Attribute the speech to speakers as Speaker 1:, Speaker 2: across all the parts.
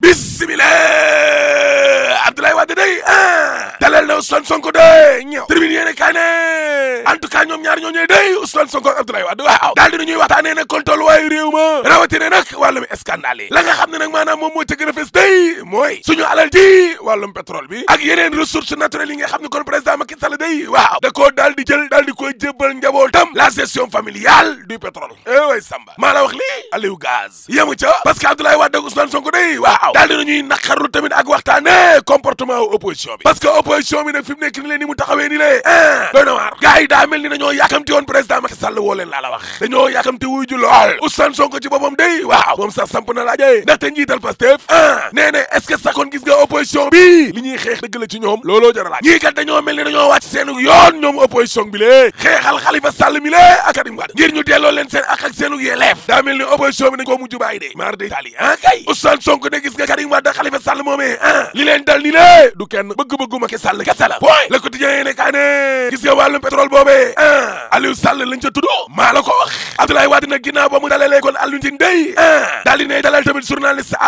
Speaker 1: bismillah Abdoulaye Wade day ah dalal na Ousmane Sonko de ñëw tribune yéene kaay ne en tout cas ñoom ñaar ñoo ñëwee day Ousmane Sonko ak Abdoulaye Wade waaw daal dina ñuy waxtaanee nag kon tolluwaayu réew ma rawatina nag wàllum scandale yi la nga a day waaw da koo daal di jël daal eh ak Ousmane Sonko comportement wu opposition bi parce que opposition bi nag fi ni leen ni mu taxawee ni lee ah doy daa mel ni dañoo yàkkamti woon président lool Ousmane Sonko ci boppam day waaw moom sax samp na njiital Pastef ah nee na est-ce opposition bi li ñuy xeex dëgg la ñoom looloo jar a ñii kat dañoo mel ni dañoo wàcc seen yoon ñoom opposition bi lee xeexal Khalifa Sall mi lee ak Karim Wade ngir ñu delloo leen seen ak ak seenu daa mel ni opposition lé du kenn bëgg-bëggu Macky Sall kese la booy le quotidien yéene kaa ne gis nga wàllum pétrole boobee ah Aliou Sall lañ ca tudd maa la ko wax Abdoulaye Wade nag ginnaaw mu dalalee kon Alioune Tine day ah daal di ne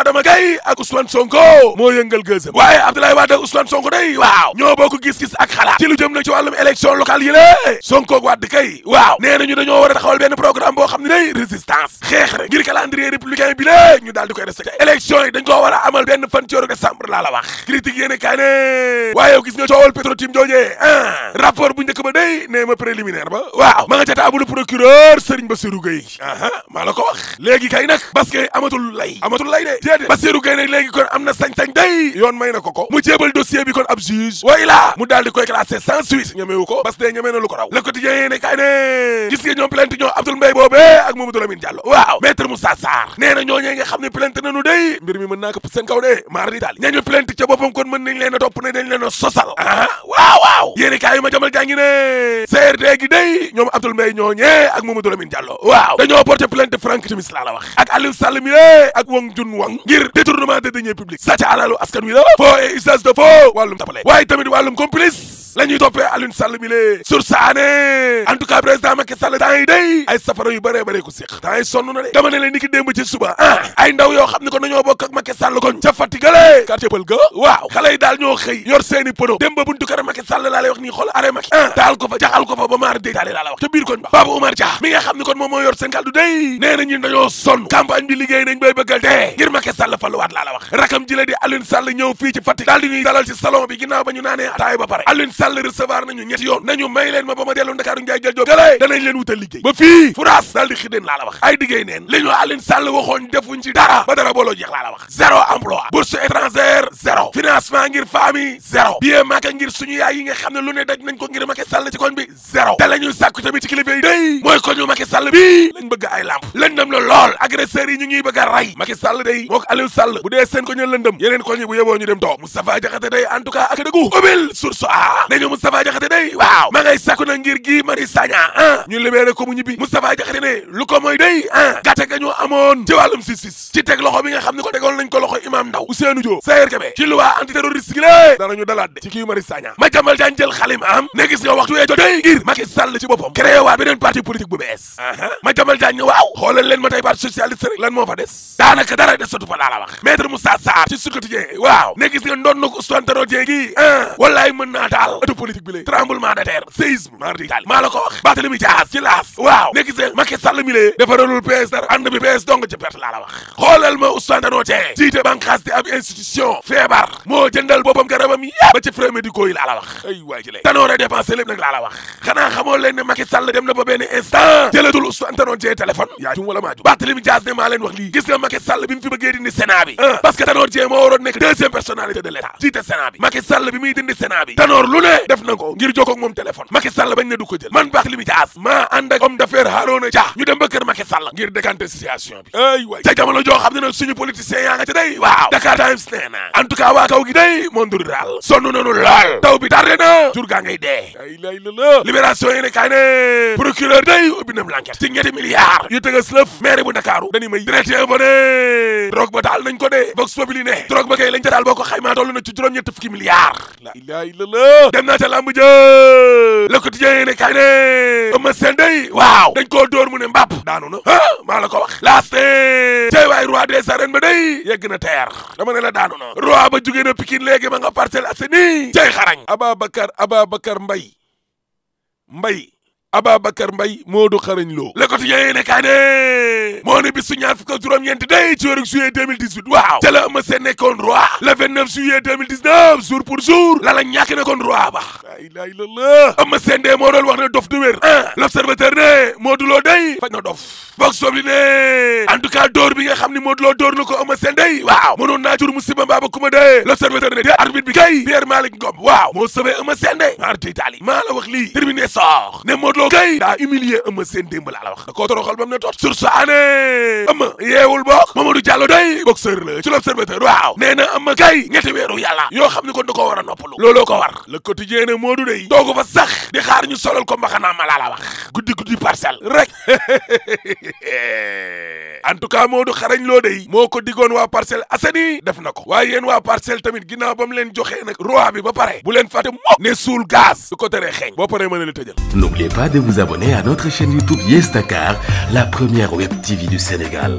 Speaker 1: Adama Gaye ak Ousmane Sonko moo yëngal gëzëm waaye Abdoulaye Wade ak Sonko day waaw ñoo bokk gis-gis ak xalaat ci lu jëm nag ci wàllum élection locale yi Sonko ak kay waaw nee nañu a taxawal ñu daal di koy respecté élection yi dañ koo war a amal benn fan yéene kaay ne waaye gis nga coowal Petro-Tim joojee ah rapport bu njëkk ba day nee ma préliminaire ba waaw ma nga ca taabalu procureur Serigne Bassirou Gueye aha maa la ko wax léegi kay nag parce que amatul lay amatul lay de déedéet Bassirou Gueye nag léegi kon am na sañ day may na ko mu jéebal dossier bi kon ab juge way laa mu daal koy classé sans suite ñemewu ko parce que na lu ko raw le quotidien yéene kay ne gis nga ñoom plainte day mbir mi mën naa ko seen kaw dee maar di daal ca boppam kon mën nañ leen a topp ne dañ leen a sosal ah waaw waaw yéene kaay ma jamal jàngi ne CRD day ñoom Abdoul Mbaye ñooñee ak Mamadou Lamine Diallo waaw dañoo porté plainte Franck Timis laa la wax ak Aliou Sall mi ak Wang askan wi la faux et usage de tamit wàllum complice la ñuy toppee Alioune Sall lee sur saane en tout cas président Macky Sall ay safara yu bëree bëree ko séq temps yi na de dama ne leen ci suba ah, ay ndaw yoo xam ne ko nañoo bokk ak Macky Sall ca Fatick gale quartier pël ga waaw xale daal ñoo xëy yor seeni pono démb ba buntu kër laa lay wax nii xool arrêt Macky ah taal ko fa jaxal ko fa ba maar de taale laa la wax ca biir koñ ba Babou Oumar Dia mi nga taxawaluwaat laa la wax rakam ji la di Alioune Sall ñëw fii ci Fatick daal di ñuy salon bi ginnaaw ba ñu naanee ataay ba pare Alioune Sall recevoir nañu ñetti yoon nañu may leen ma ba ma dellu Ndakaaru Njaay jël job gëlee danañ wutal liggéey ba fii furaas daal di xideen laa wax ay diggéey neen li ñu Alioune Sall waxoon defuñ ci dara ba dara booloo jeex laa wax zéro emploi bourse étrangère zéro financement ngir ngir suñu yaay yi nga xam lu ne daj nañ ko ngir Macky Sall ci koñ bi la ñuy sàkku tamit ci kilifa yi day mooy a Sall bu dee seen ko ñu lëndëm yeneen ko ñi bu yeboo ñu dem toog Moustapha Diakhaté day en tout cas ak dëggu ubil source a nañu Moustapha Diakhaté waaw ma ngay sàkku na ngir Mari Sagna ah, ñu libéré ko mu ñibbi Moustapha Diakhaté ne lu ko mooy day ah, ga ñu amoon ci wàllum si ci teg loxo bi nga xam ne ko tegoon nañ ko loxo Imam Ndaw Ousseynou Diop Sayer Kébé ci loi antiterroriste gi lée ñu dalaat de ci kii Mari Sagna ma jàmbal daan jël xalim am ne gis nga waxtu wee jot laa wax maître Moussa Sarr ci Sud Quotidien waaw ne gis nga ndoon na ko Ousmane Tanor Dieng gi ah wallaay mën naa taal ëttu politique bi lay tremblement de terre séisme mardi taal maa la ko wax Barthélémy Dias ci laas waaw ne gis nga Macky Sall mi lee dafa ralul PS dara ànd bi PS ci perte laa la wax xoolal ma Ousmane Tanor jiite bànqaas di ab institution feebar moo jëndal boppam garabam yépp ba ci frais médicaux yi laa la wax ay waay ji lay Tanor a nag la wax Sénat euh. parce que Tanor Dieng moo waroon nekk deuxième personnalité de l'État jiite Sénat bi Macky Sall bi muy dindi Sénat bi Tanor lu ne def na ko ngir jokkoo ak moom téléphone Macky Sall bañ ne du ko jël man baax li mu jaas maa ànd ak homme d'affaires Harouna ñu dem ba kër Macky Sall ngir décanter situation bi ay waay ca joo xam ne nag suñu politiciens yaa nga ca day waaw Dakar Times nee na en waa kaw gi day monde rural sonn nañu ne kaay ne procureur taal ko dee vox populi ne drogue ba kay lañ ca taal boo ko xaymaa toll na ci juróom-ñett fukki milliards la ilaha illallah dem naa ca làmb kaay ne ëma seen day waaw dañ ko door mu ne mbàpp daanu na ah maa la ko wax laast cey waay roi des arènes ba day yegg na teer dama ne la daanu na roi ba jugee na Pikine léegi ma nga Parcelles Assainies cey xarañ Ababacar Ababacar Mbaye Mbaye Ababacar Mbaye Modou Xarañ Lo le quotidien yéene kaay ne moo ne bis su ñaar fukk ak juróom-ñeenti day ci weeru juillet 2018 waaw ca la Eumeu Sène nekkoon roi le 29 juillet 2019 jour pour jour la la ñàkk nekkoon roi ba ilaha illallah Eumeu Sène de moo doon wax ne dof du wér ah l'observateur ne Modou Lo day faj na dof boog sobli ne en tout cas dóor bi nga xam ne Modou Lo dóor na ko Eumeu Sène day waaw mënoon maa la wax lii terminé soox ne Modou Lo kay daa humilier Eumeu Sène démb la wax da koo toroxal ba ne toot sur sa année Eumeu yeewul boog Mamadou Diallo day boxeur la ci l'observateur waaw nee na Eumeu kay ñetti weeru yàlla yoo xam ne kon da war a noppalu looloo ko war le Modou day toogu fa sax di xaar ñu solal ko mbaxanaa ma laa la wax guddi guddi parcelle rek en tout cas Modou xarañ loo day moo ko digoon waa Parcelles Assainies def na ko waaye yéen waa Parcelles tamit ginnaaw ba leen joxee nag roi bi ba pare bu leen fàtte mukk ne suul gaz su ko teree xeeñ boo pare mën a la tëjal n'oubliez pas de vous abonner à notre chaîne YouTube Yes la première web TV du Sénégal